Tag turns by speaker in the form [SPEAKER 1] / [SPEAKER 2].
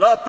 [SPEAKER 1] La